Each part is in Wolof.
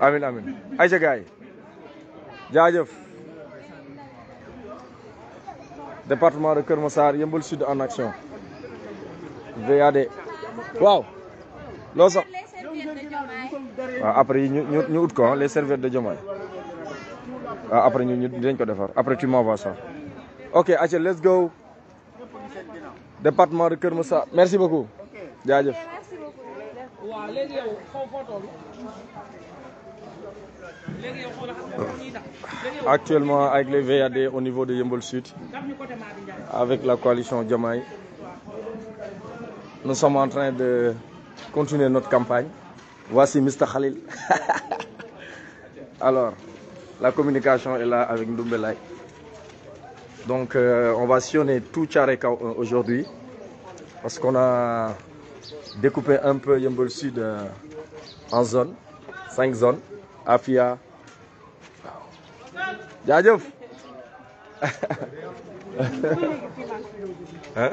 amin amin Aïcha gay gaay département de Kër Massar Sud en action VAD Waouh. Ah, serviettes sax après ñu ñu ut ko ah, les serviettes de Diomaye ah, après ñu ñu dinañ ko defar après tu m'envoies ça ok Aïcha let's go département de Kermoussar merci beaucoup jaajëf Actuellement, avec les VAD au niveau de Yembol Sud, avec la coalition Jamaï, nous sommes en train de continuer notre campagne. Voici Mr. Khalil. Alors, la communication est là avec Ndumbelay. Donc, euh, on va sionner tout Tcharekao aujourd'hui parce qu'on a découper un peu le Sud euh, en zone, cinq zones, Afia. Hein?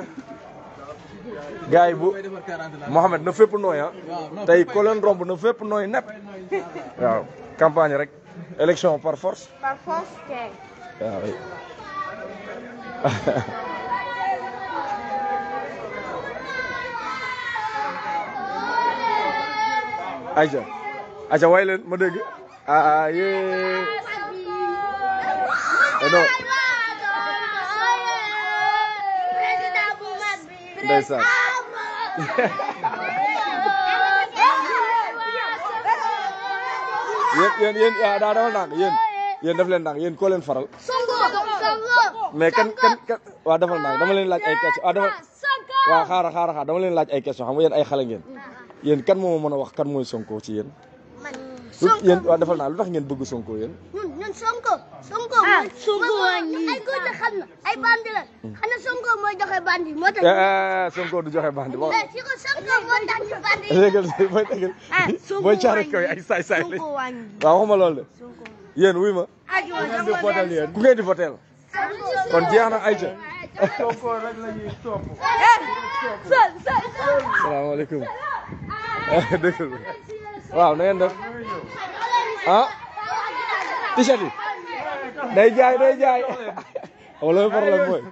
Mohamed ne fais pour noy. romb campagne élection par force. par force aja, aja waay mau ma dégg aye ah, ah, eh, non ndeysaan yéen yéen ya daa dama ndànk yéen yen daf leen ndànk yéen koo len faral mais kan kan kan waaw dafal ndànk dama leen laaj ay question waaw dafa waaw xaara xaara xaar dama leen laaj ay question xam nga ay ngeen yéen kan moo mën a wax kan mooy sonko ci yéen. man sonko yéen waaw defal naa lu tax ngeen bëgg sonko yéen. ñun ñun sonko. sonko ah, mooy sonko ay góor te xam na ay bandi la. Hmm. xanaa sonko mooy joxe bandi moo tax. Eh, eh, sonko du joxe bandi. waaw eh, si ko sonko moo tax ñu bandi. léegal mooy léegal. mooy caare kaw ay saay saay lañ. waaw waxuma loolu de. yéen wuy ma. ku ngeen di votel yéen ku ngeen di votel. kon jeex na ayca. sonko rek la ñuy topp. salaamaaleykum. dëgg waaw na ngeen def ah t-shirt day jaay day jaay wala problème mooy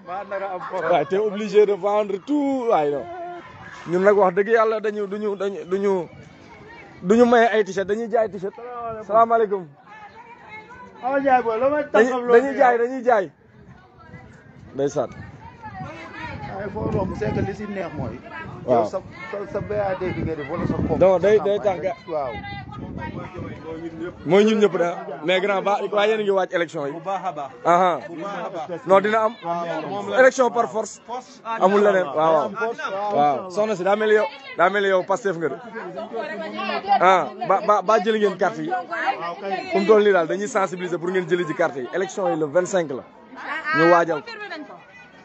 waaw te obligé de vendre tout waay non ñun nag wax dëgg yàlla dañu duñu dañu duñu duñu maye ay t-shirt dañuy jaay t-shirt salaamaaleykum dañuy jaay dañuy jaay ndeysaan waaye foo romb c'est neex mooy waaw sa sa BAD bi day day tax ga mooy ñun ñëpp da mais grand ba waa yéen a ngi waaj élection yi. bu baax a baax. a baax dina am. élection par force. amul leneen waaw waaw. waaw soxna si daa mel yow daa mel ni yow Pastef nga de. ah ba ba ba jëli ngeen carte yi. fu mu toll daal dañuy sensibiliser pour ngeen jëli ji carte yi élection yi le 25 la ñu waajal.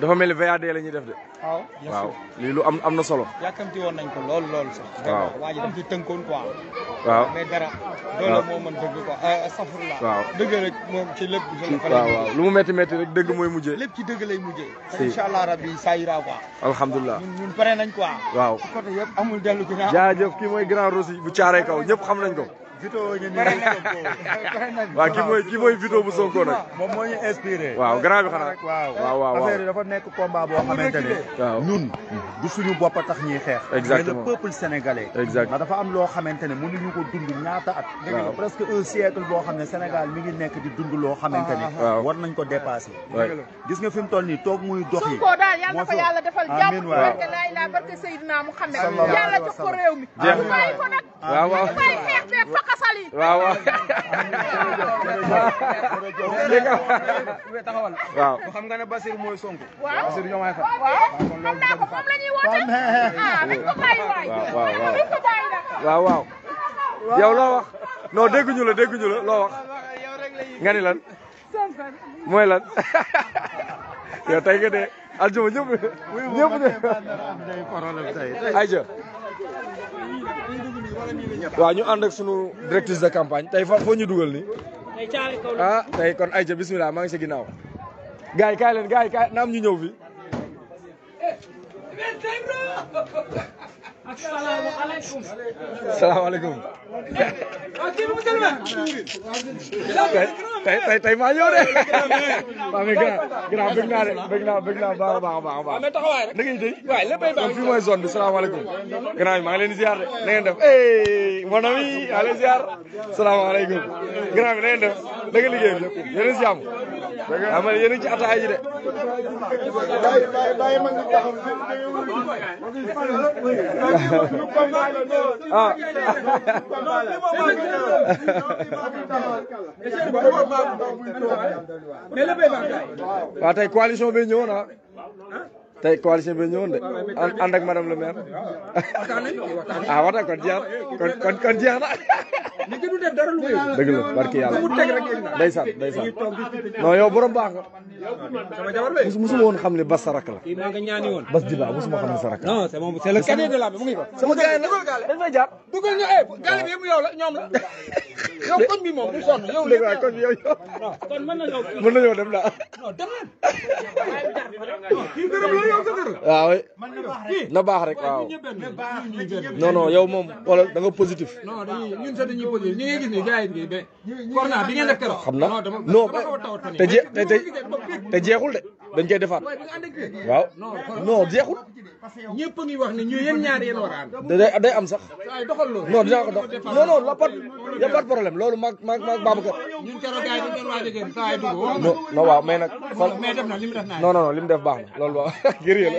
dafa mel ni VAD la ñuy def de. waaw waaw lii lu am am na solo. yàkkamti woon nañ ko lool lool sax. waaw waa ji ci tënkoon quoi. waaw mais dara. waaw doole moo mën dëgg quoi euh, safurla. waaw dëgg rek moom ci lépp. waaw waaw lu mu métti métti rek dëgg mooy mujjee. lépp ci dëgg lay mujjee. si incha allah rabbi saa yu quoi. alhamdulilah ñun pare nañ ko waaw ci amul dellu ginnaaw. jaajëf kii mooy grand Rossi bu caaree kaw ñëpp xam nañ ko. Vito ngi nii waaw ki mooy Vito bu Sonko nag. moom mooy ñu inspiré. waaw grand bi xanaa waaw waaw affaire yi dafa nekk combat boo xamante ne. waaw ñun du suñu bopp a tax ñuy xeex. exactement mais le peuple sénégalais. a dafa am loo xamante ne mënuñu ko dund ñaata at. waaw presque un siècle boo xam ne Sénégal mi ngi nekk di dund loo xamante ne. waaw ah, ah, ah. war nañ ko dépassé. gis nga fi mu toll nii toog muy dox yi. Sonko daal yàlla na ko yàlla defal jàmm. barke laa ilaa barke Seydina Muhammad. yàlla jox ko réew mi. xasali waaw waaw taxawal waaw xam nga ne Basir mooy Sonko waaw Basir Diomaye Faye xam naa ko moom la ñuy woote ah dañ ko bàyyi waay dañ ko bàyyi nag waaw waaw yow loo wax non dégguñu la dégguñu la loo wax nga ni lan mooy lan yow tey nga de aljuma ñëpp ñëpp de ay wa ñu and ak suñu directrice de campagne tay fa fo ñu duggal ni ah tay kon ayca bismillah ma ngi ci ginaaw gaay kay kaay leen gars yi kaay naam ñu ñew fi. Eh, eh, asalaamaaleykum. asalaamaaleykum. waaw kii nu mu tënk maa. tey tey tey maa ñëw de. waaw mais grand grand bëgg naa de bëgg naa bëgg naa baax a baax a baax. waaw mais taxawaay rek. na ngeen tey. waay léppay baax fii mooy zone bi salaamaaleykum. grand bi maa ngi leen di ziar de na ngeen def eh mon ami maa ngi leen ziar. salaamaaleykum. grand bi na ngeen def da nga liggéey bi yéen a si jàmm. ama yéen a ngi ci ataay ji de waaw ah. tey coalition bi ñëw na tay coalition bi ñëwoon de belum ak madame le maire ah war na kon jeex kon kon kon jeex na. ni gënu du def dara lu No deug la barki yalla mu teg rek ndaysan ndaysan non yow borom baax nga be musu woon xam bas sa rakk la bas di la musuma xam ne sa non c'est mom c'est le cadet de la mu ngi ko sama dañ fay jaar duggal ñu eh gaale bi mu yow la ñom la yow koñ bi moom bu sonn yow léegi waaye koñ bi yow kon mën dem la non dem la Ah, ver... na baax rek waaw non non yow moom wala da nga positif. non ñun sax dañuy positif ñu ngi gis ni gars yi ba. corona bi ngeen def keroog. xam na non te je te te jeexul de dañ koy defaat waaw non jeexul. ñëpp a ngi wax ne ñu yéen ñaar yéen a ànd. day day am sax. non dinaa la pat y a pas de problème loolu maag maag maag Babacar. non non def baax na loolu waaw. gërëm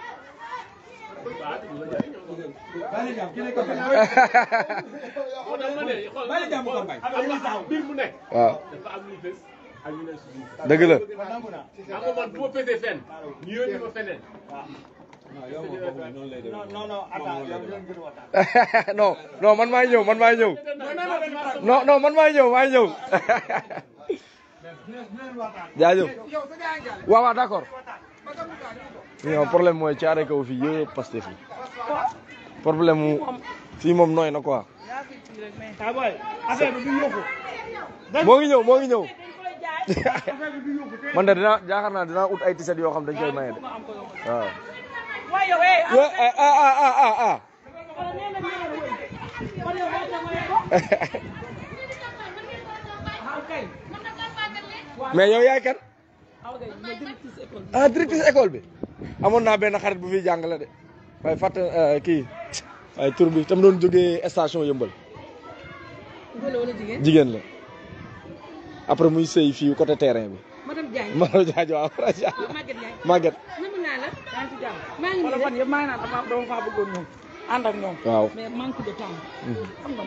Balla Diam ki ne man bu ma ma feneen non non non man maay ñëw man man maay ñëw maay ñëw jaajëf non problème mooy caare kaw fi yëpp Pastef yi problème mu fii moom nooy na quoi. moo ngi ñëw moo ngi ñëw. man de dinaa jaaxar naa dinaa ut ay tiset yoo xam dañ koy maye de waaw. ah ah ah ah ah. yaay kan. Ah, ah directrice école bi. amoon naa benn xarit bu fiy jàngale de waaye fàtt euh, kii waaye tur bi tam doon jógee station yëmbal. jigéen jigéen la. après muy sëy fii côté terrain bi. madame Diagne madame waaw. mais manque de temps. Mm. xam nga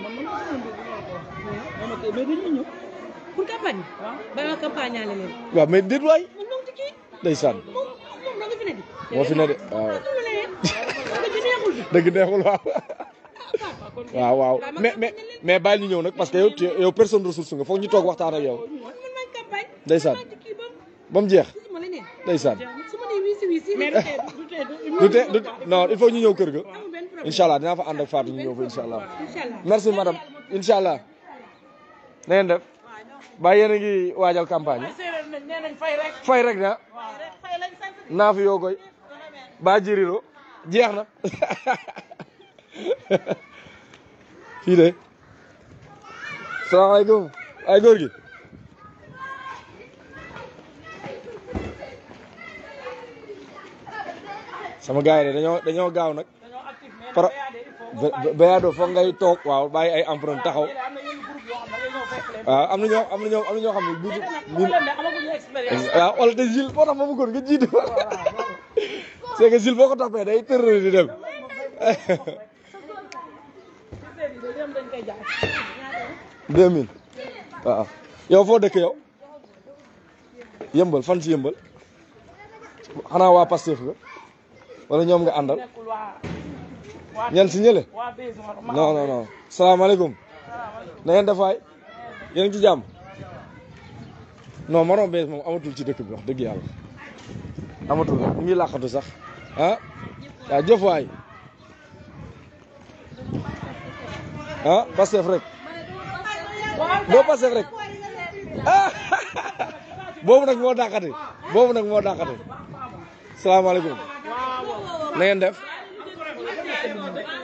man man maa da nga fi ne di moo fi ne de waaw dëgg neexul waaw waaw waaw mais mais mais bàyyi ñu ñëw nag parce que yow yow personne ressource nga foog ñu toog waxtaan ak yow ndeysaan ba mu jeex ndeysaan du te du non il faut ñu ñëw kër ga incha allah fa ànd ak Fatou ñu fa incha merci madame incha allah def ba yéen ngi waajal campagne fay rek da naaf yoo koy ba jirilo jeex na fii de salaamaaleykum ay góor sama gars yi de dañoo gaaw nag par bayado foog ngay toog waaw bàyyi ay empreinte taxaw Ah, am na ñoo am na ñoo am na ñoo xam ne. bu ah, waaw boo tax ma bëggoon nga jiitu ma. c'est que Gilles boo ko toppee day tërëri di dem. deux mille waaw ah, foo dëkk yow. yëmbal fan ci yëmbal. xanaa waa Pastef nga. wala ñoom nga àndal. ñan si ñële. non non non salaamaaleykum. na ngeen def waay yéen ci jàmm non marron bees moom amatul ci dëkk bi wax dëgg yàlla amatul ñu ngi làqatu sax ah waaw jëf waay ah Pastef rek boo Pastef rek ah boobu nag moo dàqate boobu nag moo dàqate salaamaaleykum na ngeen def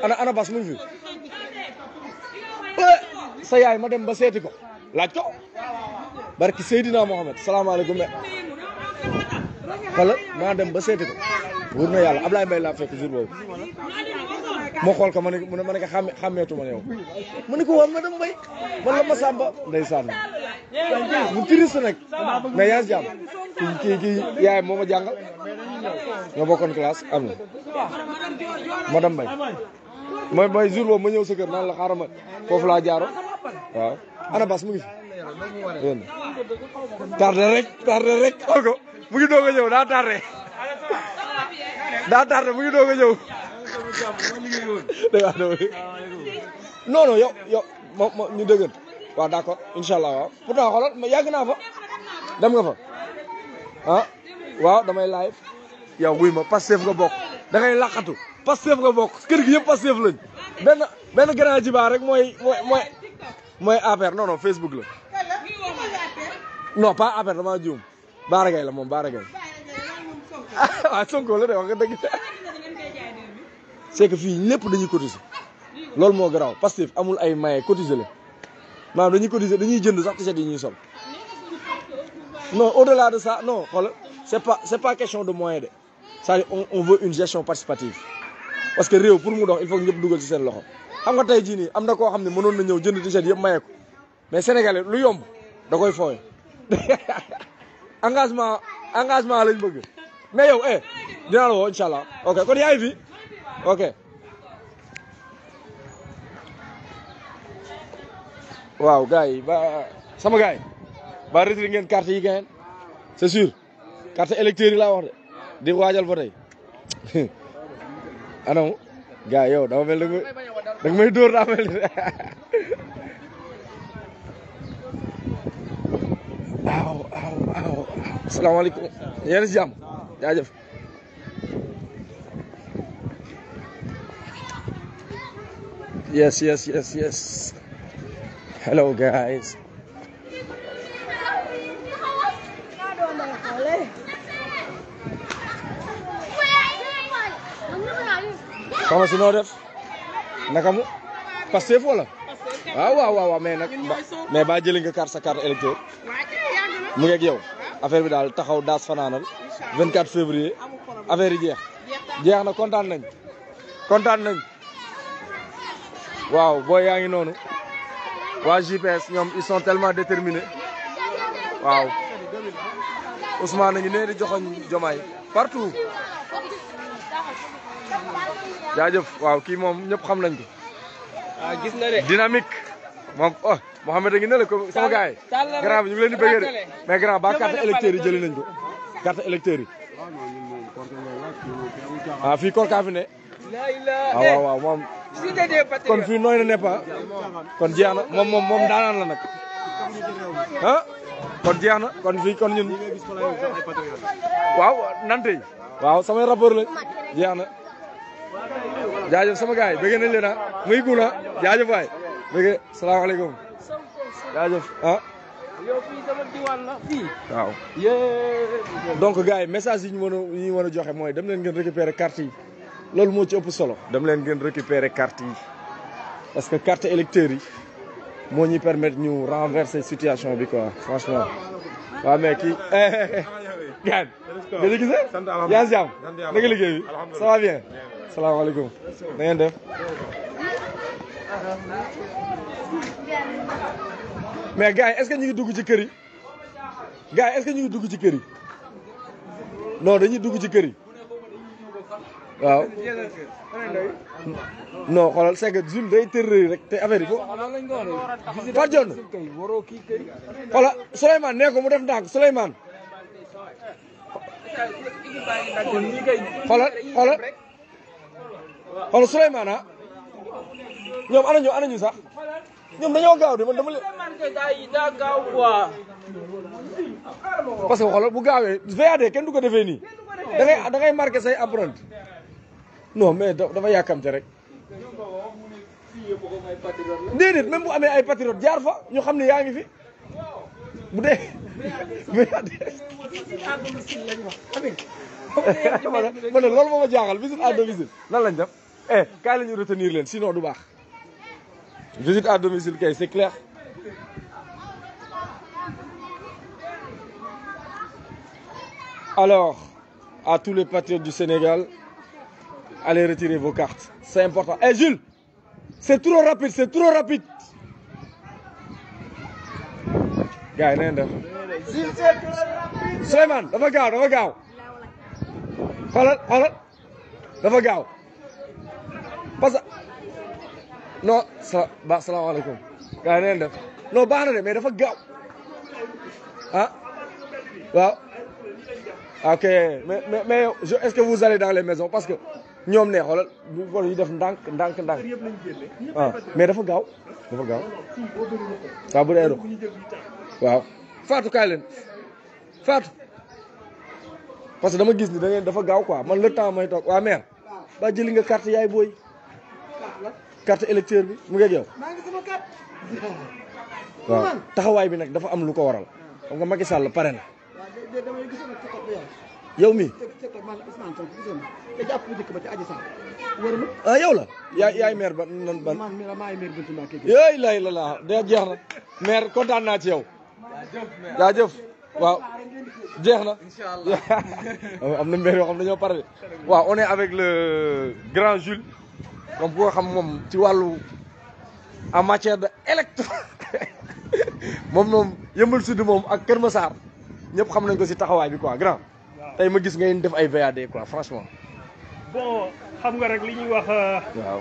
ana ana bas mu ngi fi eh, sa yaay ma dem ba seeti ko laaj ko barki Seydina Mohamed salaamaaleykum me wala maa dem ba seeti ko wóor na yàlla Ablaye Mbaye laa fekk jour boobu moo xool ko ma ne mu ne ma ne ko xàmme xàmmeetu ma ne yow mu ne ko ma dem Mbaye man mu triste nag mais yaa ngi jàmm kii moo ma jàngal ñoo bokkoon classe am na madame Mbaye mooy mooy jour ma ñëw sa kër naan la xaaral foofu laa jaaroon waaw ana bas mu ngi fi yéen mu ngi doog a ñëw daa tardé daa tardé mu ngi doog waaw d'accord incha allah waaw pourtant yàgg naa dem nga fa ah waaw damay live yow wuy ma Pastef nga bokk da ngay laqatu Pastef nga bokk kër gi yëpp Pastef lañ benn benn grand jiba rek mooy mooy mooy mooy APR non non Facebook la non pas APR dama juum Baara la moom Baara Gaye waaw la de wax nga dëgg c'est que fii lépp dañuy cotiser loolu moo garaaw Pastef amul ay maye cotiser la maanaam dañuy cotiser dañuy jënd sax t-shirt yi ñuy sol non au delà de ça non xoolal c'est pas question de moyen de cest à on veut une gestion participative parce que réew pour mu dox il faut que ñëpp dugal ci seen loxo xam nga tay jii nii am na koo xam ne na ñëw jënd t-shirt yëpp maye ko mais sénégalais lu yomb da koy foowe engagement engagement lañ bëgg mais yow eh dina la woo incha ok kon yaay fi ok waaw gaay ba sama gaay ba retri ngeen carte yi ngeen c'est sûr carte électeur yi laa wax de di wajal ba day anamu ga yow da mel ni danga may dor da mel ni aw aw aw salaamaaleykum yes yes yes yes hello guys soxna si noo def naka mu Pastef wala waaw waaw waaw waaw mais nag mais ba jëli nga carte sa carte électeur mu ngeeg yow affaire bi daal taxaw daas fanaanal 24 février affaire yi jeex jeex na kontaan nañ kontaan nañ waaw booy yaa ngi noonu waa GPS ñoom ils sont tellement déterminés waaw Ousmane nañu nee di joxoñ jomaay partout jaajëf waaw kii moom ñëpp xam nañ ko. waaw ah, gis na de. dynamique. moom oh a ngi ne la comme sama gars bi ñu ngi leen di bëggee de mais grand ba carte électeur yi jëlee nañ ko. carte électeur yi. ah fi ne. Ah, waaw waaw waaw moom. kon fii nooy na nepp kon jeex na moom moom moom daanaan la nag. ah kon jeex na kon fii kon ñun. waaw nante yi. waaw samay rapport la jeex na. jaajëf sama gars yi bëgg nañ leen ah muy guuna jaajëf waay bëgg salaamaaleykum jaajëf ah. yow fii donc gars yi message yi ñu mën a a joxe mooy dem leen ngeen récupérer carte yi loolu moo ci ëpp solo. dem leen ngeen récupérer carte parce que carte électeurs yi moo ñuy permettre ñu renverser situation bi quoi franchement waaw mais kii. gaan gëj a gisee yaa ngi si jàmm na nga yi est que ñu ngi dugg ci kër yi gars yi est-ce que ñu ngi dugg ci kër yi non dañuy dugg ci kër yi waaw non xoolal c'est que Jules day tërëri rek te affaire yi foofu. Fatou Dione xoolal Souleymane nee ko mu def ndànk Souleymane. xoolal xoolal xoolal Souleymane ah ñoom ana ñu sax ñoom dañoo gaaw de man dama leen. parce que xoolal bu gaawee VAD kenn du ko defee nii da ngay da ngay marqué say apprenti non mais dafa yàkkamte rek. déedéet même amee ay patriote jaar fa ñu xam ne yaa ngi fi. bu à domicile, ne visite à domicile lan lañ eh kay lañu retenir leen sinon du baax visite à domicile kay c'est clair. Alors, à tous les patriotes du Sénégal, allez retirer vos cartes. C'est important. Eh Jules, c'est trop rapide, c'est trop rapide. Gai nenda. Suleiman, devagar, devagar. Rola, rola. Devagar. Passa. No, assalamu alaikum. Gai nenda. No, barra de, mas devagar. Ah? Well. Ok, mais, mais, mais est-ce que vous allez dans les maisons Parce que ñoom ne xoolal bu ko ñu def ndànk ndànk ndànk ah mais dafa gaaw dafa gaaw waaw bu dee waaw Fatou kaay leen parce que dama gis ni da dafa gaaw quoi man le temps may toog waa mère ba jëli nga carte yaay booy carte électeur bi mu ngi yow waaw taxawaay bi nag dafa am lu ko waral xam nga Macky Sall pare na yow mi ah yaw la yaay yaay maire ba nan ban yooyu lay la laa da jeex na maire kontaan naa ci yow jaajëf waaw jeex na am na mbir yoo xam dañoo pare waaw on est avec le grand Jules moom ku ko xam moom ci wàllu en matière de électro moom moom yëmbal sud moom ak Kër Massar ñëpp xam nañ ko si taxawaay bi quoi grand tey ma gis ngeen def ay VAD quoi franchement bon xam nga rek li ñuy wax euh, waaw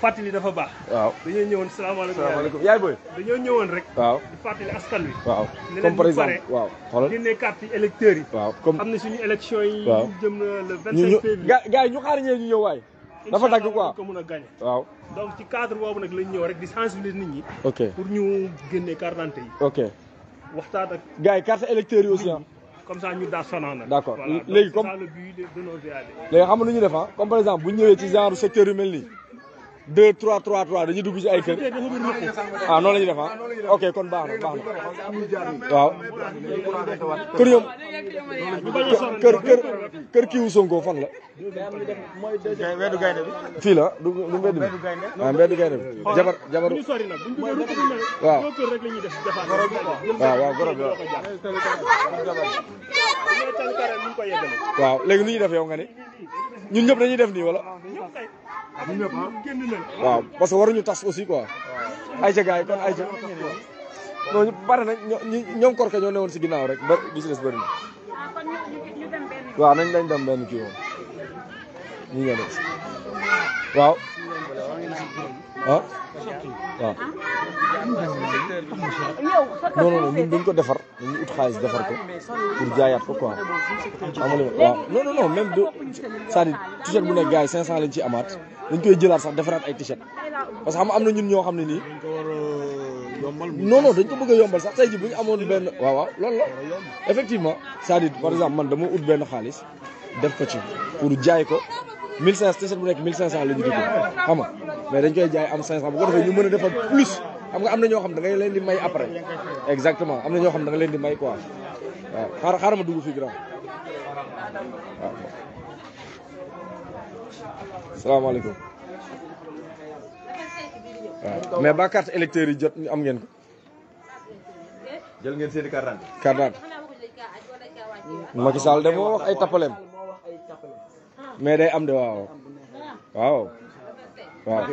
fàttali dafa baax. waaw dañoo ñëwoon salaamaaleykum yaay booy. dañoo ñëwoon rek. waaw di fàttali askan wi. waaw comme par exemple waaw xoolal ne leen carte électeurs yi. waaw comme xam ne suñu élection yi. waaw jëm na le 25 février. ñu xaar ñee ñu ñëw waay. dafa dagg quoi ko mën a gagné. waaw donc ci cadre boobu nag lañ ñëw rek di sensibiliser nit ñi. ok pour ñu génne carte d'identité yi. ok waxtaan ak. gars yi carte électeurs yi aussi ah. comme ça ñu na. d' accord léegi comme voilà donc c' est léegi xam nga lu ah. comme par exemple bu ñëwee ci genre secteur yu mel nii 2 3 3 3 dañuy dugg ci ay kër ah noonu la ñuy def ah ok kon baax na baax na waaw. kër ñoom kër kër kër kiiwu Sonko fan la. weddu gaynde bi. fii la du du mbedd bi ah mbedd gaynde bi jabar jabar waaw waaw waaw gorob waaw. waaw léegi nu ñuy def yow nga ni ñun ñëpp dañuy def nii wala. waaw parce que waruñu tas aussi quoi. ay ayca gars yi kon ayca. non ñu bare nañ ñoom korka ñoo newoon si ginnaaw rek ba gis-gis bëri na. Ah, waaw nañ lañ dem benn kii woon. ñu ngi waaw. Ah. waaw. non non dañ ko defar dañu ut xaalis defar ko pour jaayaat ko quoi amali waaw non non non même du cest à bu nekk gars yi 500 lañ ci amaat dañ koy jëlaat sax defaraat ay t parce que am na ñun ñoo xam ne nii. non ko bëgg a yombal sax tey ji bu ñu amoon benn waaw waaw loolu la effectivement c'est-à-dire par exemple man dama ut benn xaalis def ko ci pour jaay ko. 1500 t-shirt bu nekk 1500 la ñu dugg xam nga mais dañ koy jaay am 500 bu ko ñu plus xam nga am na xam da ngay leen di may après exactement am na xam da leen di may quoi waaw xaar xaar dugg fii grand waaw salaamaaleykum mais ba carte électeur yi jot am ngeen ko jël ngeen carte carte Macky Sall wax ay mais day am de waaw waaw. na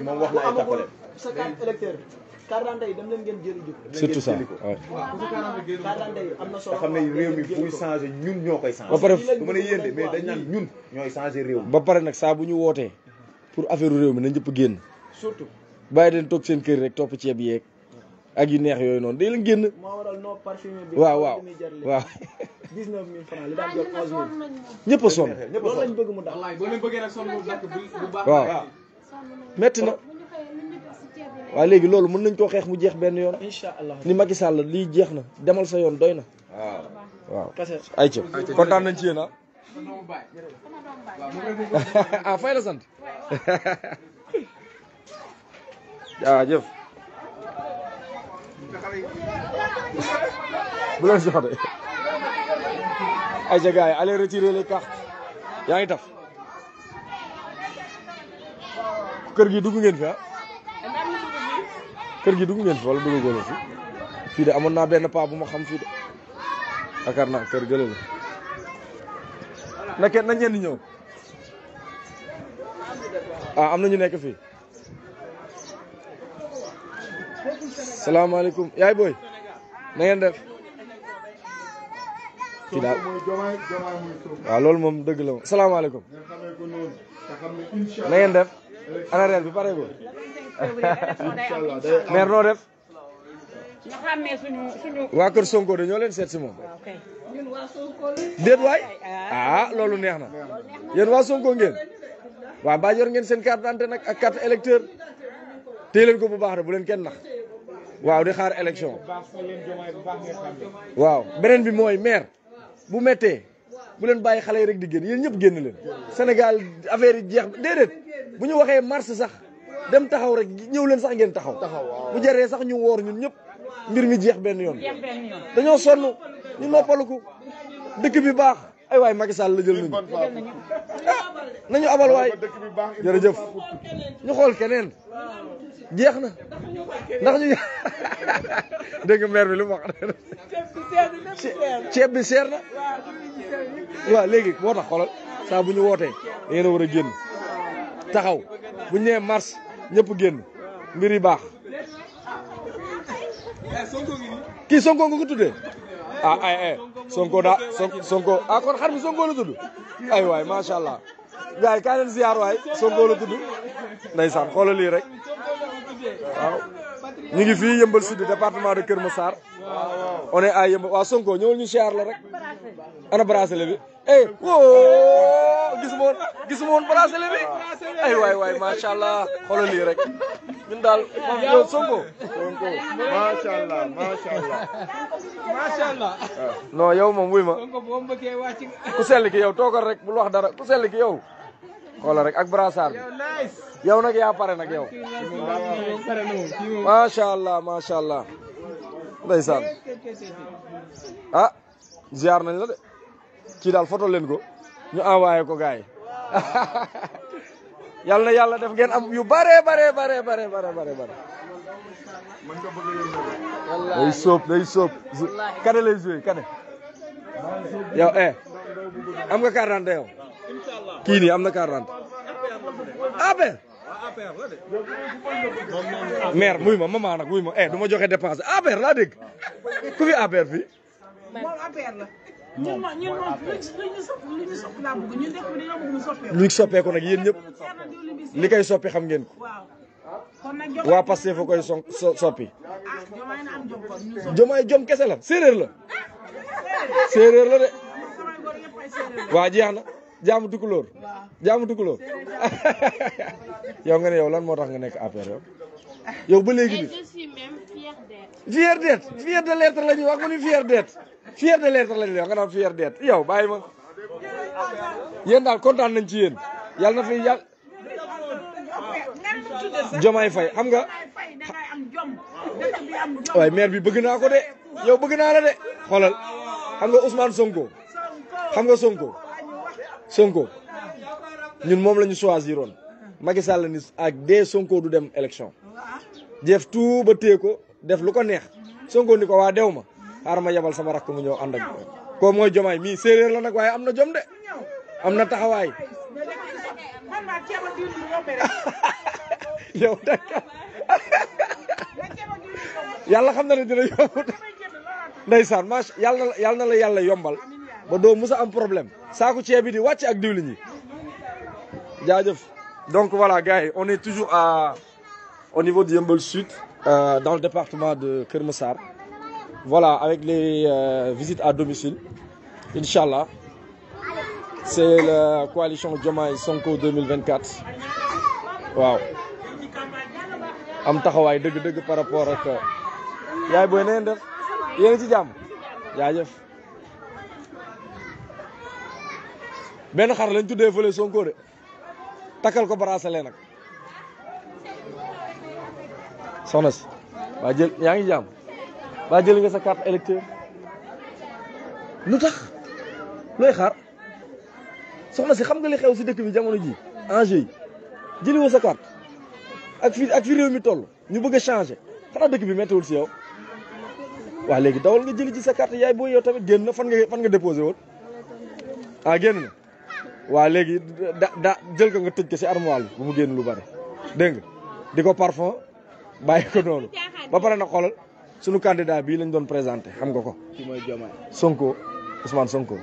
surtout ça waaw. am réew mi buy changé ñun ñoo koy changé. ba pare du ñooy changé réew mi. ba pare nag saa bu ñu wootee pour affaire réew mi na jëpp génn. surtout bàyyi leen toog seen kër rek topp ceeb yeeg. ak yu neex yooyu noonu day la génn. moo waral waaw waaw waaw. 19000 francs li daan jot 11000. ñëpp bëgg mu dàq. wallaay boo leen bëggee waaw metti na. waaw léegi loolu mën nañ koo xeex mu jeex benn yoon. incha ni Macky Sall lii jeex na demal sa yoon doy na. waaw ay ayca kontaan nañ ci yéen ah. fay la sant. bu leen si xate ay gars yi allez retirer les cartes yaa ngi taf kër gi dugg ngeen fi ah kër gi dugg ngeen fi fii de amoon naa benn paa bu ma xam fii de yaakaar naa kër gële na kenn na ñëw ah am na ñu nekk fii salaamaaleykum yaay booy na ngeen def kii loolu moom dëgg la moom salaamaaleykum na ngeen def ana réel bi pare booy maire noo def waa kër Sonko dañoo leen seet si moom ah, déet waay ah loolu neex na waa Sonko ngeen waa ba yor ngeen seen carte d'identité nag ak carte électeur téye ko bu baax de bu leen kenn nax waaw di xaar élection waaw beneen bi mooy maire bu méttee bu leen bàyyi xale yi rek di génn yéen ñëpp génn leen Sénégal affaire yi jeex déedéet bu ñu waxee mars sax dem taxaw rek ñëw leen sax ngeen taxaw bu jaree sax ñu woor ñun ñëpp mbir mi jeex benn yoon dañoo sonn ñu noppaluku dëkk bi baax ay waay Macky Sall la jël nañu ah nañu abal waay jërëjëf ñu xool keneen jeex na ndax ñu dégg nga maire bi lu mu wax ceeb bi seer na waa léegi moo tax xoolal saa bu ñu wootee da ngeen a war a génn taxaw bu ñu mars ñëpp génn mbir baax kii Sonko nga ko tuddee ah ay ay Sonko daa Sonko ah kon xar mi Sonko la tudd ay waay macha allah gars yi kaay leen ziar waay Sonko la tudd ndeysaan xoolal lii rek waaw ñu ngi fii yëmbal sud département de Kër Massar. on est à yëmbal Sonko ñëwal ñu siyaar la rek. ana bracelet bi. eh woo gisuma woon gisuma woon bracelet bi. ay waay waay macha allah xoolal lii rek ñun daal Sonko. Sonko allah macha allah. macha allah. non yow moom wuy ma. ku sell ki yow toogal rek bul wax dara ku sell ki yow. xoolal rek ak brassard bi nag yaa pare nag yow. macha allah macha allah. ndeysaan ah ziar nañ la de kii daal foto leen ko ñu envoyé ko gars yi yal na yàlla def ngeen am yu bare bare bare bare bare bare bare day sóob lay joué kane yow eh am nga carte d'identité kii nii am na 40. APR. maire muy ma maman nag muy ma eh du ma joxe dépense APR laa dégg ku fi APR fii. moom APR la. ñun bi dañoo bëgg nag yéen li koy soppe xam ngeen ko. waa Pastef fa koy jomaay jom kese la séeréer la. séeréer de. waa jeex jaamu tukulóor jaamu tukulóor yow nga yow lan moo tax nga nekk APR yow yow ba léegi nii fier d'être de l'être la ñuy wax ma ni fier d'être fier de l'être la ñuy wax nga naan yow bàyyi ma yéen daal kontaan nañ ci yéen yàlla na fi yàlla Jomaay Fay xam nga waaye maire bi bëgg naa ko de yow bëgg naa la de xoolal xam nga usmaan Sonko xam nga Sonko Sonko ñun moom lañu ñu choisiroon Macky Sall ni ak dee Sonko du dem élection jëf tout ba téye ko def lu ko neex Sonko ni ko waa dew ma xaaral ma yebal sama rakk mu ñëw ànd ak ko mooy jomaay mii séeréer la nag waaye am na jom de am na taxawaay yow tak yàlla xam na ne dina yomb ndeysaan na la yàlla yombal problème donc voilà gars on est toujours à au niveau du Yambol Sud euh, dans le département de Kermessar. voilà avec les euh, visites à domicile Inch'Allah c'est la coalition et Sonko 2024 waaw am taxaway par rapport à euh, yaay boy neen ndef yéen ci benn xar lañ tuddee fële Sonko de takkal ko bracelet nag soxna si waa jël yaa ngi jàmm waa jël nga sa carte électeur lu tax looy xaar soxna si xam nga li xew si dëkk bi jamono ji enjeu yi jëli sa carte ak fi réew mi toll ñu bëgg a changé xanaa dëkk bi méttiwul si yow waa léegi dawal nga jël ci sa carte yaay boo yow tamit génn fan nga fan nga déposé woon ah génn na wa legui da da jël ko nga tëj ko ci armoire bu mu genn lu bari deng diko di parfum baye ko noonu ba pare na xolal sunu candidat bi lañ doon présenter xam nga ko. kii mooy Diomaye Sonko Ousmane Sonko.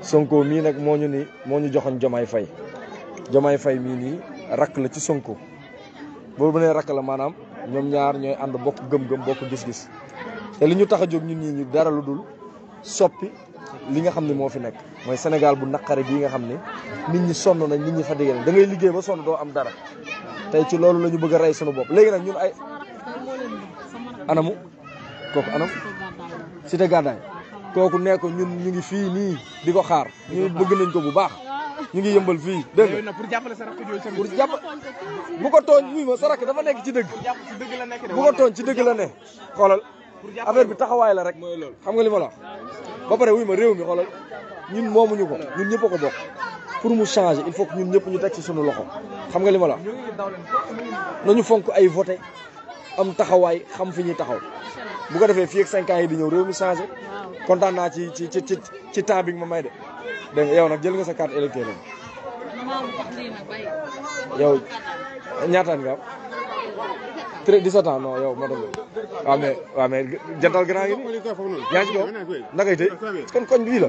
Sonko mi nak moñu ni moñu joxon jomay fay jomay fay mi ni rak la ci Sonko bu ne rak la manam ñom ñaar ñoy and bokk gëm-gëm bokk gis-gis té liñu taxajuk ñun ñi ñu dara lu dul soppi li nga xamni mo fi nek mooy senegal bu naqare bii nga xam ne nit ñi sonn nañ nit ñi fatigué nañ da ngay liggéey ba sonn doo am dara tey ci loolu la ñu bëgg a rey suñu bopp léegi nag ñun ay anamu kooku anam cité gàddaay kooku nee ñun ñu ngi fii nii di ko xaar ñu bëgg nañ ko bu baax ñu ngi yëmbal fii dégg nga pour jàppale sa rakk jàpp bu ko tooñ muy ma sa rakk dafa nekk ci dëgg bu ko tooñ ci dëgg la ne xoolal affaire bi taxawaay la rek xam nga li ma la wax ba pare wuy ma réew mi xoolal ñun moomuñu ko ñun ñëpp a ko bokk pour mu changer il ñun ñëpp ñu teg ci suñu loxo xam nga li ma la nañu fonk ay voté am taxawaay xam fi ñuy taxaw bu ko defee fii ak cinq ans yi di ñëw réew mi changé kontaan naa ci ci ci ci temps bi nga ma may de dégg nga yow nag jël nga sa carte électeur yaw ñaataan nga am très 17 ans non yow ma dem waaw mais waaw mais jantal grand yi yaa ngi ci kaw naka tey kon koñ bii la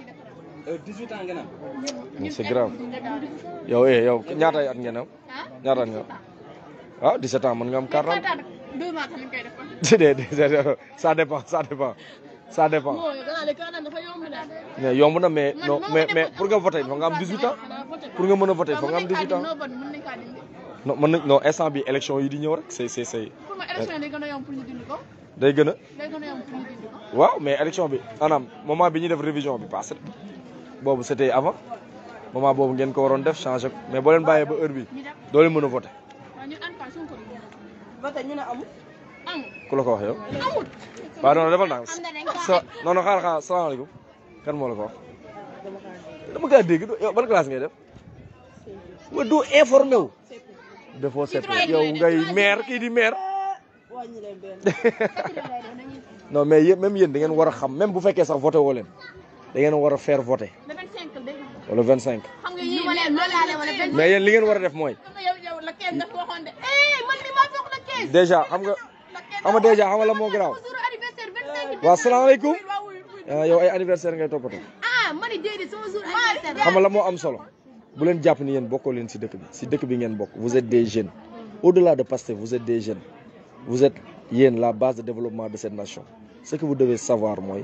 18 ans ngeen am. yow yow ñaata at ngeen am. ñaata at ngeen am ah 17 ans mën nga am 40 ans. déedéet ça dépend ça dépend ça dépend. mais yomb na mais non mais mais pour nga voter foog nga am ans pour nga mën a voter foog nga am 18 ans. no mën nañ non bi élection yi di ñëw rek c'est c'est c'est. day gën a. waaw mais élection bi maanaam moment bi ñuy def révision bi passé. bobu c'était avant moment bobu ngeen ko waron def changer mais bo len baye ba heure bi do len voter ñu pas son ko voter ñu na a voté. ku la ko wax yow. waaw non defal na so non non xaaral xaaral salaamaaleykum kan mo la ko wax. dama ka dégg do ban classe ngay def. wa do informé wu. defo sepp yow ngay maire ki di maire. Eh, non mais même yeen da ngeen wara xam même bu fekkee sax voter wolen da wara faire voter wala vingt cinq mais yéen li ngeen war a def mooy eh, déjà xam nga xam nga déjà xam la mo graw wa waaw salaamaaleykum euh, yow ay anniversaire ngay ah son jour anniversaire xam la mo am solo bu len japp ni yéen bokkoo leen si dëkk bi ci dëkk bi ngeen bok vous êtes des jeunes au-delà de Pastef vous êtes des jeunes vous êtes yéen la base de développement de cette nation ce que vous devez savoir moy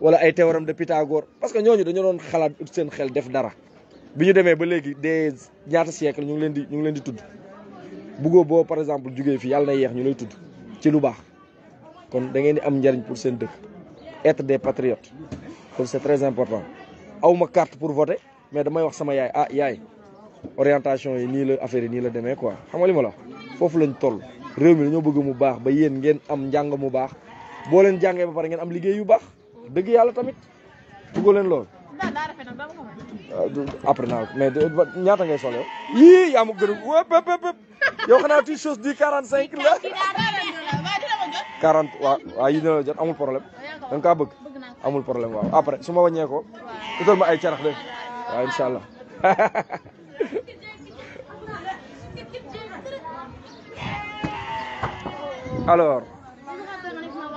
wala ay théorème de Pythagore parce que ñooñu dañu don xalat xalaat sen xel def dara biñu démé ba légui des ñaata siècle ñu ngi leen di ñu ngi leen di tudd bugo bo par exemple jugee fi yalla na yeex ñu lay tudd ci lu baax kon da ngeen di am njariñ pour sen dëkk être des patriotes kon c'est très important aw carte pour voter mais damay wax sama yaay ah yaay orientation yi nii la affaire yi nii la demee quoi xam nga li ma la foofu lañ toll réew mi dañoo bëgg mu baax ba yéen ngeen am njàng mu baax boo leen jàngee ba pare ngeen am liggéey yu baax dëgg yàlla tamit bëggu leen lool. Ah, après naa ko mais ñaata ngay sol yow. yii yaa ma gën yow chose di 45 la. 40 waaw yi dina la jot amul problème da bëgg amul problème waaw après su ma ko utal ma ay carax alors.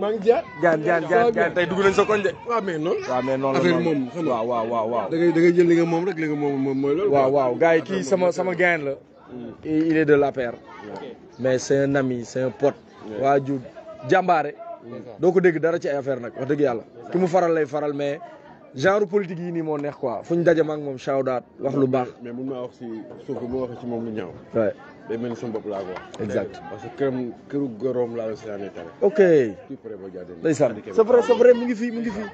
maa ngi jaar gaan tey dugg nañ sa koñ de waaw mais noonu waaw mais noonu waaw waaw waaw waaw jël moom rek li moom moom mooy loolu waaw waaw gars yi kii sama sama gain la il est de l'APR mais c'est nami ami pot un pote waa ju jàmbaare doo ko dégg dara ci ay nag wax dëgg yàlla ki mu faral lay faral mais genre politique yi nii moo neex quoi fu ñu daje ma ak moom shawdaat wax lu baax lu ñaaw day mel ni sama bopp laa ko wax. exact parce que këram këru góoram laa la si année tamit. ok ndeysaan c'est vrai c'est vrai mu ngi fii mu ngi fii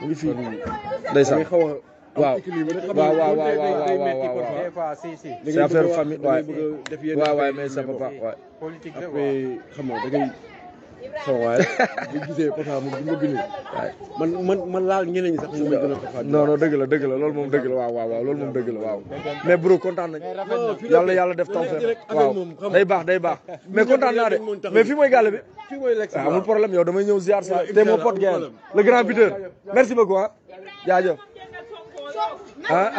mu ngi fii ndeysaan waaw waaw waaw waaw waaw waaw c'est affaire famille waay waay mais sa papa waay après xam nga da ngay so waaye bu gisee Fafa ma man man man laal ñeneen ñi sax ñu a Fafa non non dëgg la dëgg la loolu moom dëgg la waaw waaw waaw loolu moom dëgg la waaw mais bro kontaan nañ yàlla yàlla def taw feex waaw day baax day baax mais kontaan naa de mais fii mooy gàlle bi ah, waaw amul problème yow damay ñëw ziar sa te moo pot gain le grand buteur merci beaucoup ah jaajëf ah,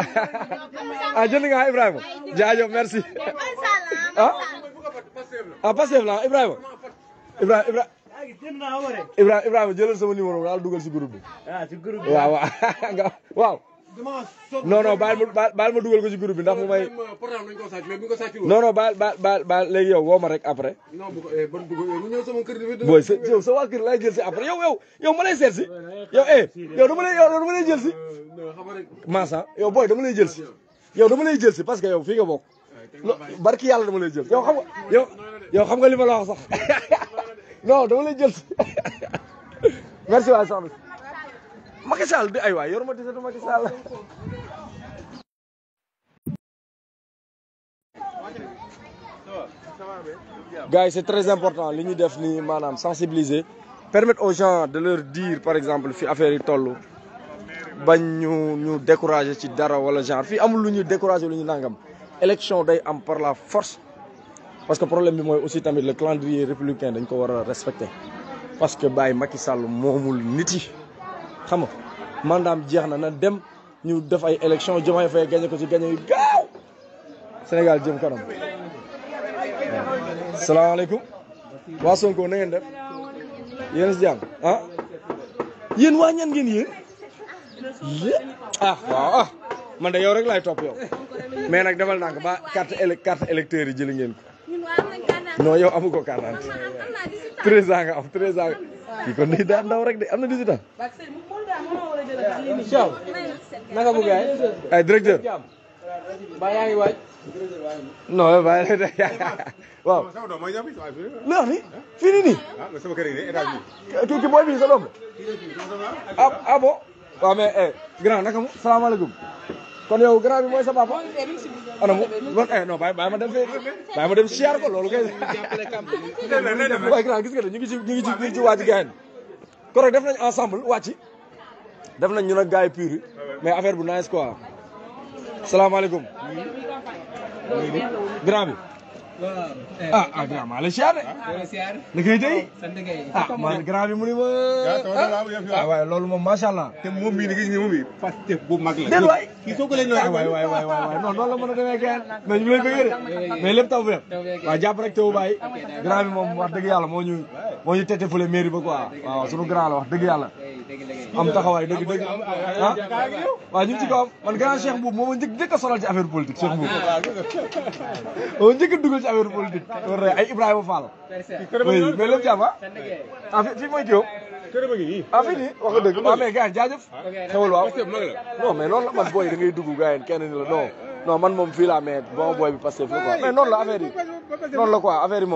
ah jënd nga ah, Ibrahima jaajëf merci ah ah Pastef la Ibrahima a jëlal sama numéro bi daal dugal si groupe bi. ah si groupe bi baal ma dugal ko ci bi ndax baal baal baal léegi ma rek après. Eh, eh, booy sa yow sa waa kër lay jël après yow yow yow ma lay seet si. yow eh yow dama lay yow dama lay jël si. Euh, Mansa yow booy dama lay jël si. yow dama lay jël si parce que yow fii nga bokk. barki yàlla dama lay jël yow xam nga ma la wax non dama lay jël merci waay Je si Macky Sall bi ay waay yor ma disatu Macky Sall c'est très important li ñuy def sensibiliser permettre aux gens de leur dire par exemple fi affaire yi toll bañ ñu décourager ci dara wala genre fii amul décourager lu ñu nangam élection day am par la force parce que problème bi moy aussi tamit le calendrier républicain dañ ko wara respecter parce que baye Macky Sall momul niti xam nga mandaam na dem ñu def ay élection Diomaye fay gagné ko ci gagné yu gaaw Sénégal jëm kanam salaamaaleykum waa Sonko na ngeen def yéen si ah yeen wa ñan ngeen yeen ah wa ah man da yow rek lay top yow mais nak defal nak ba carte carte électeur yi jël ngeen ko non yow amu ko quarante treize am treize ans kii ndaw rek de am na dix-huit ans naka bu gaay ay directeur ba yaa ngi waaj non ba waaw non ni fii nii ah, bi sa doom la ah, ah eh, grand naka mu salaamaaleykum kon yow grand bi mooy sa papa. ana mu non bàyyi bàyyi ma dem fee bàyyi ma dem siyaar ko loolu kay. waaye gis nga de ñu ngi ci ñu ngi ci ñu ngi ci waaj def nañ ensemble wàcc def nañ ñu nag gars yi pur mais affaire bu nice quoi salaamaaleykum grand bi ah ah, ¿eh? ah, ¿eh? ah grand ah, maa la siyaar de. na koy tey. ah man grand bi mu ni ma. ah waaye loolu moom macha allah. te moom mii da ngay gis ne moom mii mag la. déet waay kii soo ko leen waay waay waay waay waay non noonu la mën a demee kenn. mais ñu lay bëggee de mais lépp taw bi rek. waaw jàpp rek taw bàyyi. grand bi dëgg yàlla moo ñu tete fële mairie ba quoi waaw sunu grand la wax dëgg yàlla. am taxawaay dëgg dëgg ah waaw ñu ngi ci ko am man grand Cheikh Mbour moo ma njëkk njëkk a solal ci affaire ci affaire politique. ay Ibrahima Fall. oui mais lépp jàmm ah. ah mooy Diop. ah fii nii wax dëgg waaw ah, mais gars yi jaajëf. Ah. xewal waaw non mais loolu la man booy da ngay dugg gars yi kenn ni la non. man moom fii laa mais booy bi passé fii quoi mais noonu la affaire yi. noonu la quoi affaire yi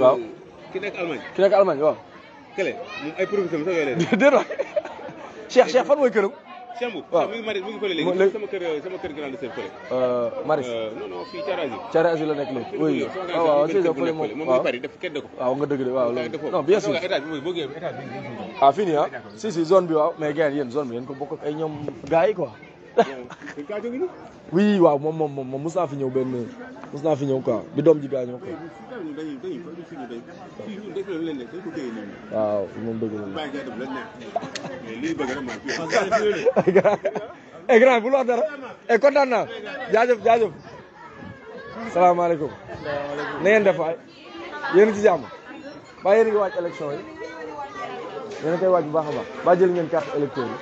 euh, ki nekk Allemagne. ki nekk Allemagne waaw. kële ay professeurs fan mooy këram. Sambou waaw mi ngi Maris mi ngi fële léegi sama kër sama kër grand a fële. Euh, Maris euh, non non fii Thiara Azur. la ah, waaw waaw c'est ça fële moom ah, nga dëgg de waaw loolu non bien sûr ah fii nii ah si zone bi waaw mais gars yéen zone bi yéen ko bokk ak ñoom gars ko quoi oui waaw moom moom moom mos fi ñëw benn mos fi ñëw quoi bi doom ji gaañoo quoi. waaw moom dëgg la. eh grand bu wax dara eh kontaan naa jaajëf jaajëf. salaamaaleykum. na ngeen def waay yéen ba yéen ngi waaj élection yi. yéen waaj bu baax a ba jël ngeen carte électeur yi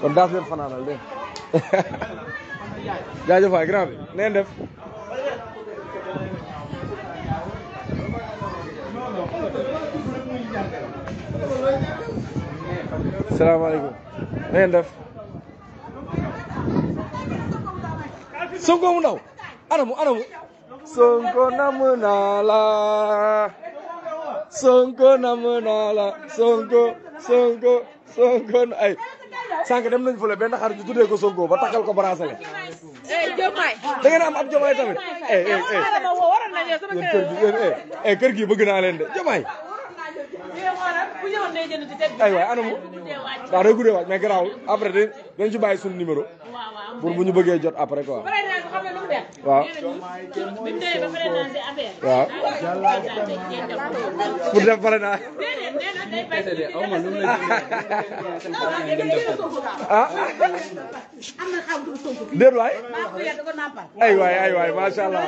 kon daas leen fanaanal dégg jaajëf waay grand bi neen def salaamaaleykum neen def Sonko mu ndaw anamu anamu Sonko nam naa la Sonko nam naa la Sonko Sonko Sonko ay sànq dem nañ fole benn ju ñu tuddee ko Sonko ba takkal ko bracelet. Eh, Diomaye da ngeen am ab Diomaye tamit. Eh, eh, yéen kër gi yéen kër gi bëgg naa leen de Diomaye. aywa anamu waaw day guddee waaj mais garaawul après dañ ci bàyyi suñu numéro. pour bu ñu bëggee jot après quoi. affaire waaw bi mu demee ba parrainage affaire waaw pour def parrainage ah déet waay ay waay ay waay macha allah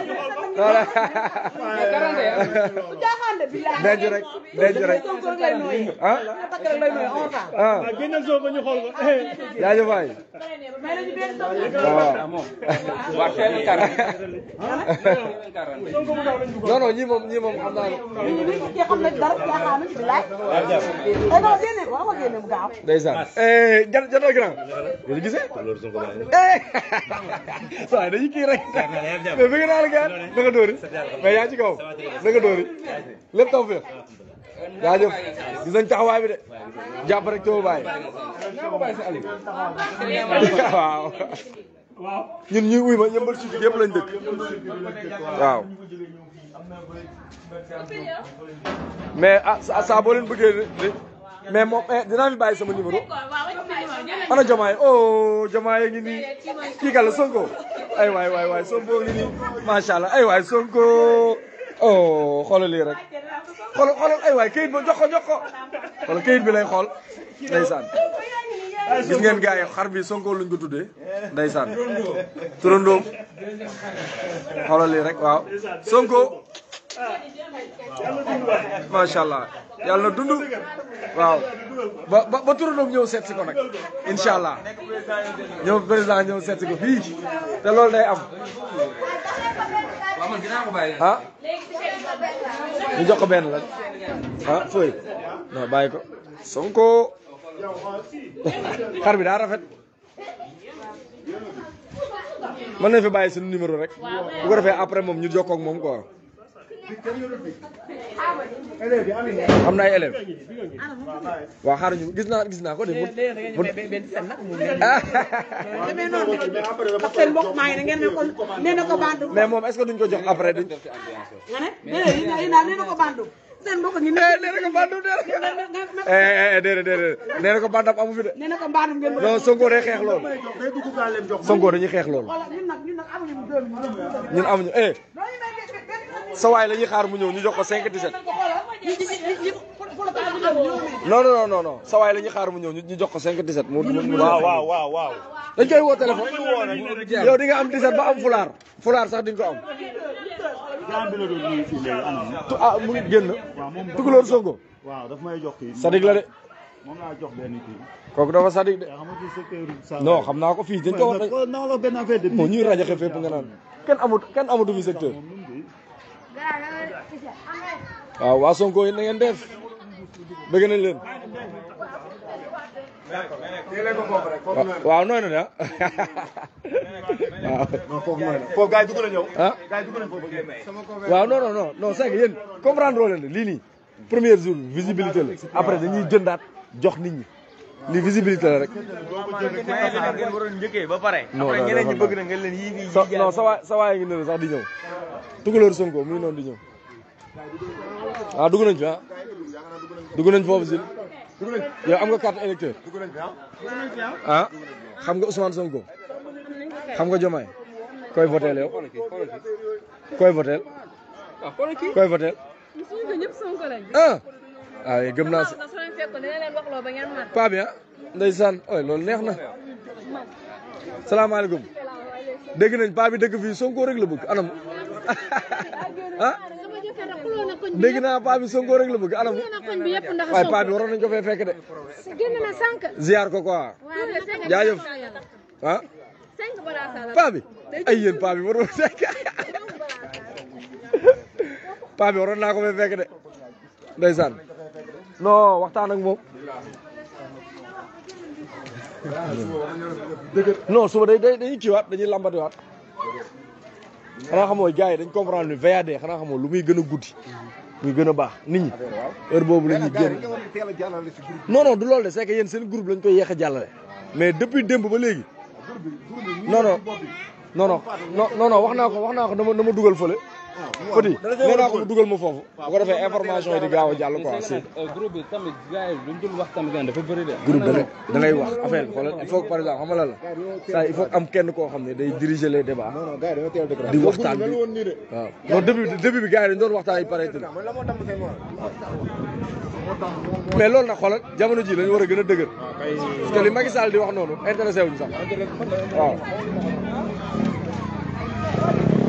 denc rek denc rek ah ah jaajëf waay waaw non non ñii moom ñii moom xam naa ne. xam na dara yaakaar nañu si laaj. waaw non génne ko waaw nga génne mu gaaw. ndeysaan. jant eh, jant grand. nga gisee. Eh. waaw dañuy kii rek. mais bi nga daal gaan na nga dóori. mais yaa ci kaw na nga dóori lépp taw féex. jaajëf gis nañ taxawaay bi de jàpp rek coow bàyyi. waaw. ñun ñuy wuy ma yëmbal sud yëpp lañ dëkk waaw mais ah saa boo leen bëggee mais moom eh, dinaa fi bàyyi sama numéro ana Jomaay oh Jomaay ngi kii gàll Sonko ay Sonko ngi nii allah ay Sonko oh xoolal lii rek xoolal xoolal ay waay kayit ba jox ko jox kayit bi lay xool ndeysaan gis ngeen gars yi xar bi Sonko luñ ko tuddee ndeysaan turandoom xoolal lii rek waaw Sonko macha allah yàlla na dund waaw ba ba ba turandoom ñëw ko nag incha allah ñëw président ñëw seet si ko fii te loolu day am ah ñu jox ko benn la ah fooy non bàyyi ko Sonko xar bi daa rafet mën nañ fi bàyyi suñu rek bu ko après moom ñu jokkoo ak am na ay élèves. waaw xaaral ñu gis naa gis naa ko de. mais moom est-ce que duñ ko jox après duñ. nee na ko bandum eh, nee na ko bandam eh, eh, amu fi de. nee na ko bandum ngeen non Sonko day xeex lool. Sonko dañuy xeex lool. ñun amuñu. sa waay la ñuy xaar mu ñëw ñu jox ko 5 17. non non non non sa waay la ñuy xaar mu ñëw ñu jox ko 5 17. mu mu waaw waaw waaw. woo téléphone di nga am 17 ba am fulaar fulaar sax di nga ko am. ah mu ngi génn. tukulóor Sonko. waaw daf may jox kii. Sadik la de. moom laa jox benn kii. kooku dafa Sadik de. xam naa ko fii dañ ko wax. non non benn affaire de. kenn amut kenn amatu fi secteur. waaw waa Sonko yéen na def bëgg nañ leen waaw nooy na ne ah waaw foofu nooy na foofu gars ñëw ah waaw non non non non c'est que loo leen lii nii premier jour visibilité la après dañuy jëndaat jox nit ñi li visibilité la rek. non non non non sa waay sa waay ngi ne sax di ñëw. tukulóor Sonko muy noonu di ñëw. ah dugg nañ fi ah. dugg nañ foofu si. yow am nga carte électeur. ah xam nga Ousmane Sonko. xam nga Diomaye. koy votel yow. koy votel ah, koy votel ah waaye ah, gëm naa fekkoon dina leen waxloo bi ah neex na dégg nañ Paa bi dëkk fii Sonko rek la bëgg ah? naa Paa bi Sonko la bëgg anam ko fee fekk de. ziar ko quoi jaajëf ah Paa bi ko fee fekk de ndeysaan. non waxtaan ak moom. non suba day day dañuy ciwaat dañuy lambatiwaat. xanaa xamoo gars yi dañ comprendre ni VAD xanaa xamoo lu muy gën a guddi. muy gën a baax nit ñi heure boobu la ñuy génn. non non du loolu de c'est que yéen seen groupe lañ koy yéex a jàllale. mais depuis démb ba léegi. non non non wax naa ko wax naa ko dama dama dugal fële. petit nee naa ko dugal ma foofu bu ko defee information di gaaw a jàll quoi si euh, groupe bi wax tamit dafa bëri de groupe da da ngay wax affaire bi xoolal il faut par exemple xam nga la saa il faut am kenn koo xam ne day diriger les débats di waxtaan bi waaw non début début bi gars yi dañ doon waxtaan yi pare tëdd mais loolu nag xoolal jamono ji lañu war a gën a dëgër ah, parce que li Macky Sall di wax noonu intéressé wuñ sax waaw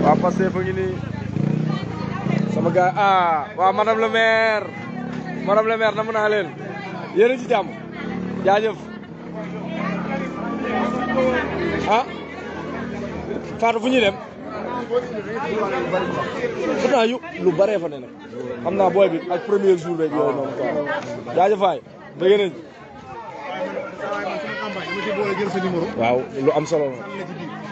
waaw parce que ngi nii sama gars ah waaw madame le maire madame le maire namu naa leen yéen a ci jàmm jaajëf ah Fatou fu ñuy dem pourtant yu lu baree fa ne nag xam naa booy bi ak premier jour beeg yooyu noonu quoi jaajëf waay bëgg nañ waaw lu am solo la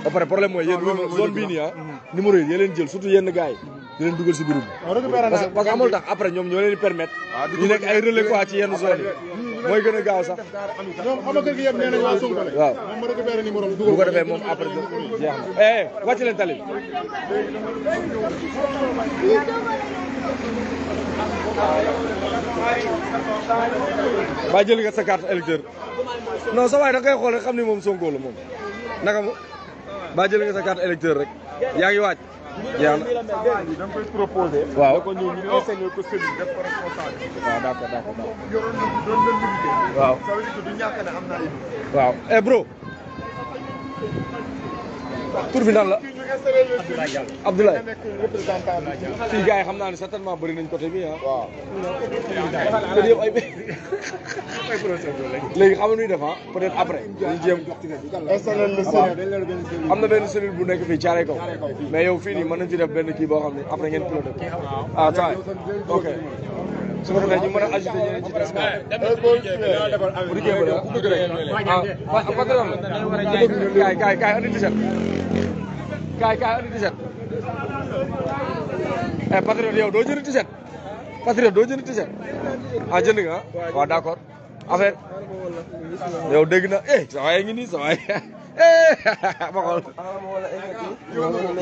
ba pare problème mooy yéen zone bii nii ah numéro yi yéen jël surtout yenn gars yi di leen dugal si groupe bi. parce que parce que ñoo leen di permettre. Ah, ñu nekk ay relais ah, mooy gën a gaaw sax. ñoom xam nga kër gi moom ma récupéré numéro bi. bu ko defee moom après jeex na. Eh, eh wàcc leen tali. ba jël nga sa carte électeur. non sa waay da ngay rek xam ni moom Sonko la moom. naka mu ba jël nga sa carte électeur rek yaa ngi waaj. jeex é na da nga koy proposé. waaw ko ñëw ñu enseigné ko sëriñ def ko responsable. waaw d' accord d' accord d' accord. yoroon na doon na limité. waaw ça veut dire que du é, ñàkk ne am naa waaw eh bro. tur bi nan la. Abdoulaye fii gars yi xam naa ne certainement bëri nañ côté bi ah. waaw. te yëpp ay léegi xam nga dafa peut-être après. dañuy jéem am na benn cellule bu nekk fii caare kaw. mais yow fii nii mën nañ ci def benn kii boo xam ne après ngeen piloté ko. ah taay ok. su ko defee ñu mën a ajouté ñeneen ci des. bu duggee ba la bu duggee rek ah waaw am na dara la. kaay kaay kaay andi kaay kaay andi 17. eh patriote yow doo jënd 17 patriote doo jënd 17 ah jënd nga ah Eh, ma xool.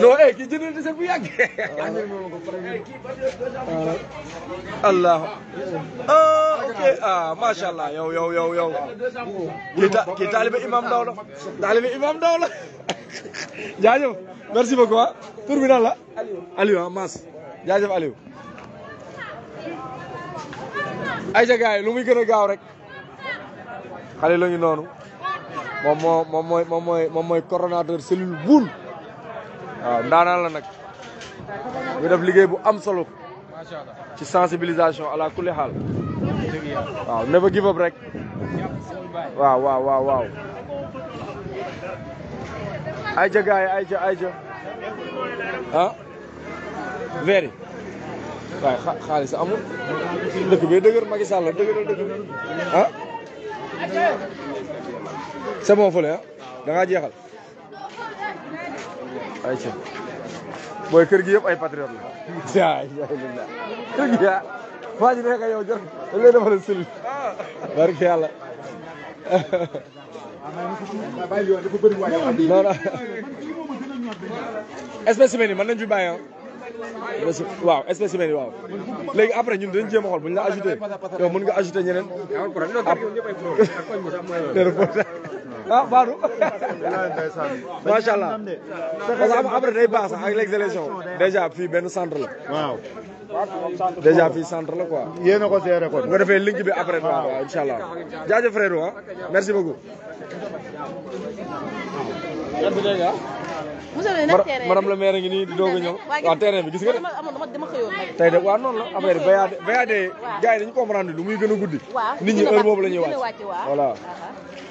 non eh kii jënd na bu yàgg. allah. ok eh, eh, ah macha allah yow yow yow yow. kii ta kii taalibe imam Ndao la. imam Ndao la. merci beaucoup ah tur la. Aliou ah Mass jaajëf Aliou. ayca gars lu muy gën a gaaw rek. moom moom mooy moom mooy moom mooy coordonnateur cellule buun waaw ndaanaan la nag ñu def liggéey bu am solo ci sensibilisation ala kulli xaal waaw rek waaw waaw waaw waaw ayca gars yi ayca ayca ah veer waaye xaalis amul dëkk bi dëgër Macky Sall dëgëral dëgg ah c'est bon fële ah da jeexal. ay booy kër gi yëpp ay patriote la. jaay jaay la kër gi ah. waa ji nekk yow jërëjëf dañ lay ah. yi mën nañu fi bàyyi ah. waaw yi waaw. léegi après ñun dañ jéem a xool ñu la ajouté yow mën nga ajouté ñeneen. Ah, ah Badou. macha allah parce que après day baax sax ak l'exécution déjà fii benn centre la. waaw. déjà fii centre la quoi. yéen ko géré kon. nga defee link bi après. waaw waaw incha allah jaajëf frère wa merci beaucoup. madame la maire ngi di doog a ñëw waaw terrain gis nga de tey de waaw noonu la affaire bi bayaade bayaade gars yi dañu comprendre lu muy gën a guddi nit ñi heure la ñuy wàcc voilà uh-huh.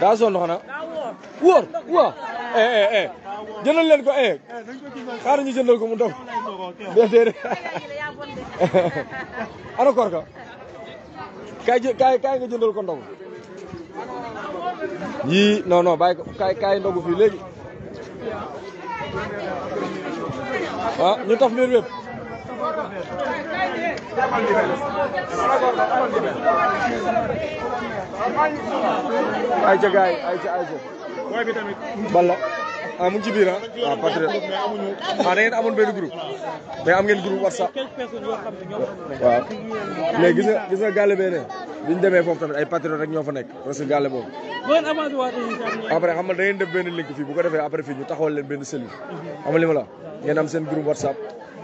daa sonn xanaa wóor waaw eh eh, eh. jëndal leen ko eh xaaral ñu jëndal ko mu dog déedéet ana koor ka kaay nga jëndal ko ndogu yii non non bàyyi ko kaay ndogu fii léegi ah ñu taf liir wépp ayca gaay ayca ayca. waaye bi tamit. balla ah mu ngi ci biir ah. ah patriote ah da amoon benn groupe. mais am ngeen groupe whatsapp. waaw mais gis nga gis nga gàlle bee ne bi ñu foofu tamit ay patriote rek ñoo fa nekk parce que gàlle boobu. après xam nga da ngeen def benn link fii bu ko defee après fi ñu taxawal leen benn cellule. xam nga ngeen am seen groupe whatsapp.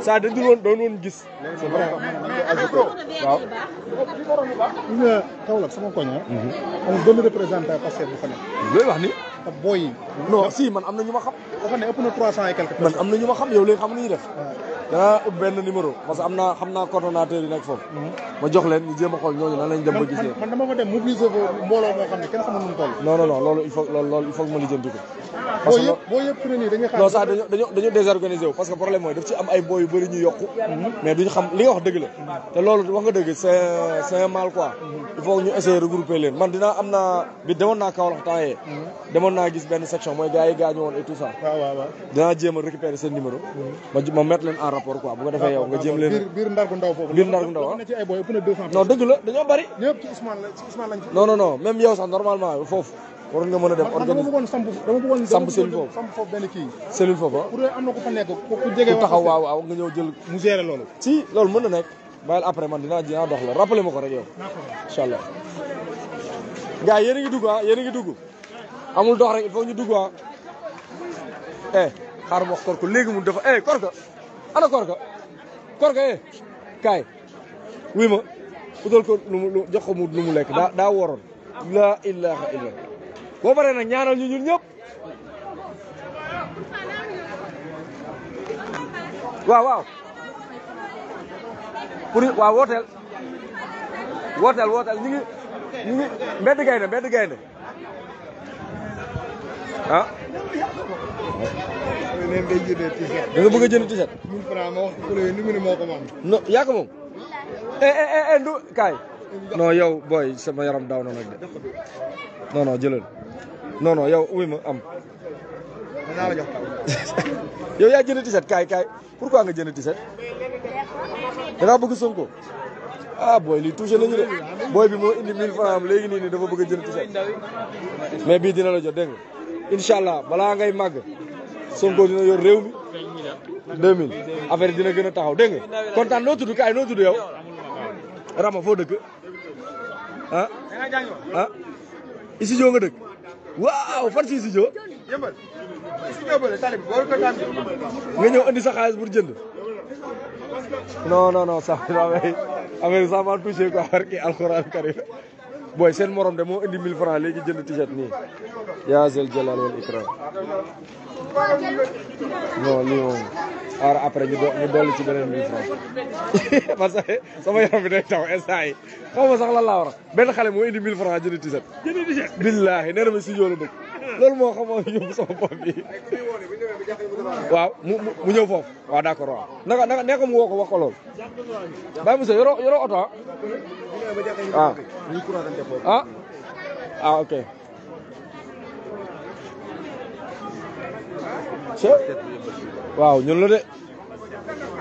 ça dañu doon doon woon gis. c'est vrai waaw. nga Kaolack sama koñ ah. Mhm. amul benn représentant wax ni. booy si man am na ñu ma xam. dafa ne ëpp na trois cent et quelques. man am na ñu ma xam yow léegi xam nañu def. danaa ut benn numéro parce que am naa xam naa coordonnateur foofu. Mhm. ma jox leen ñu jéem a xool ñooñu lan lañ dem ba man dama fa dem mobiliser ko mbooloo xam ne kenn xamul nu toll. non non non loolu il faut loolu il faut ko. Ah, parce yëpp fi ne nii dañuy xaar. non sax parce que problème mooy daf ci am ay booy yu bëri ñu yokku mais duñu xam li nga wax dëgg la te loolu wax nga dëgg c'est c'est mal quoi il faut ñu essayer regrouper leen man dinaa am naa bi demoon naa Kaolack temps yee demoon naa gis benn section mooy gars yi gaañu woon et tout ça waaw waaw a récupérer seen numéro ma ma mettre leen en rapport quoi bu ko defee yow nga jéem leen biir ndar gu ndaw foofu ah. dëgg la dañoo bëri ñëpp ci Ousmane la ci sax normalement foofu waroon nga mën a dem organiser dama bëggoon samp dama bëggoon samp cellule foofu samp foofu benn kii ah. na ku fa nekk ku jege ku taxaw waaw waaw nga ñëw jël mu loolu si loolu mën a nekk bàyyil après man dinaa dinaa dox la rappelé ma ko rek yow incha allah gars yéen a ngi ah, amul dox rek il faut ñu dugg ah eh xaar ma wax korko léegi mu dafa eh korko ana korko korko eh kaay ko mu jox ko mu lu mu lekk daa daa waroon la ilaha illa boo paree na ñaanal ñu ñun ñëpp waaw waaw waaw wooteel wooteel wooteel ñu ngi ñu ngi mbedd gaynde mbedd gaynde ah. nga bëgg a jënd t-shirt. 1000 eh, eh, eh, ndu kaay. non yow booy sama yaram daaw na nag de non non noonu non yow uy ma am. dinaa la jox yow yaa jënd tiset kaay kaay pourquoi nga jënd tiset dangaa bëgg Sonko ah booy lii touché nañu de bi moo indi 1000 francs am léegi nii nii dafa bëgg a jënd tiset mais bii dina la jot dégg incha allah balaa ngay màgg Sonko dina yor réew mi 2000 affaire dina gën a taxaw dégg nga kontaan noo tudd kaay noo tudd yow Rama foo dëkk ah ah Issa Diop nga dëkk. waaw fan si studio. yëmbal studio bële tali bi waru ko tàmbi. nga ñëw andi sa xaalis pour jënd. non non non sax affaire yi sax maa touché quoi booy seen morom de moo indi 1000 francs léegi jënd t-shirt nii yaa zal jalal wal ikram non lii moom après ñu dolli ci beneen 1000 francs parce que sama yaram bi day taw instant yi xaw ma sax lan laa war a benn xale moo indi 1000 francs jënd t-shirt jënd t-shirt billaahi nee na si yoolu dëkk loolu moo xamoo yóbbu sama bopp bi waaw mu mu ñëw foofu waaw d'accord waaw naka naka nee mu woo ko wax ko loolu. bàyyi yoroo yoroo oto ah. waaw ah ah, ah waaw ñun la de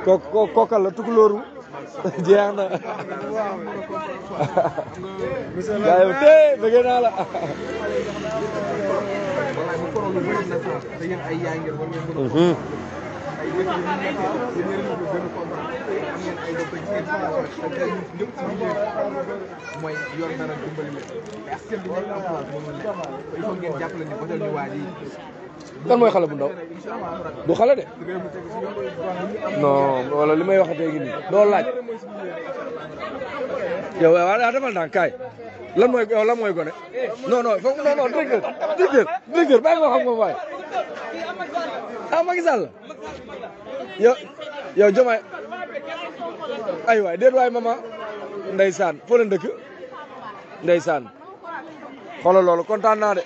ko ko kookal la tukulóoru jeex na gaa yow tee naa la mooy yor dara dimbali leen mais askan bi nekk en place moom la nekk il faut ngeen jàppale ni bëtal ñu waa lii kan mooy xale bu ndaw du xale de non wala li may waxatee gi nii doo laaj yow waaw defal naa kaay lan mooy yow lan mooy gone non non foog non non directeur directeur directeur bàyyi nga xam nga waaye ah, yow yow Diomaye ay waay déet waay mama ndeysaan foo leen dëkk ndeysaan xoolal loolu kontaan naa de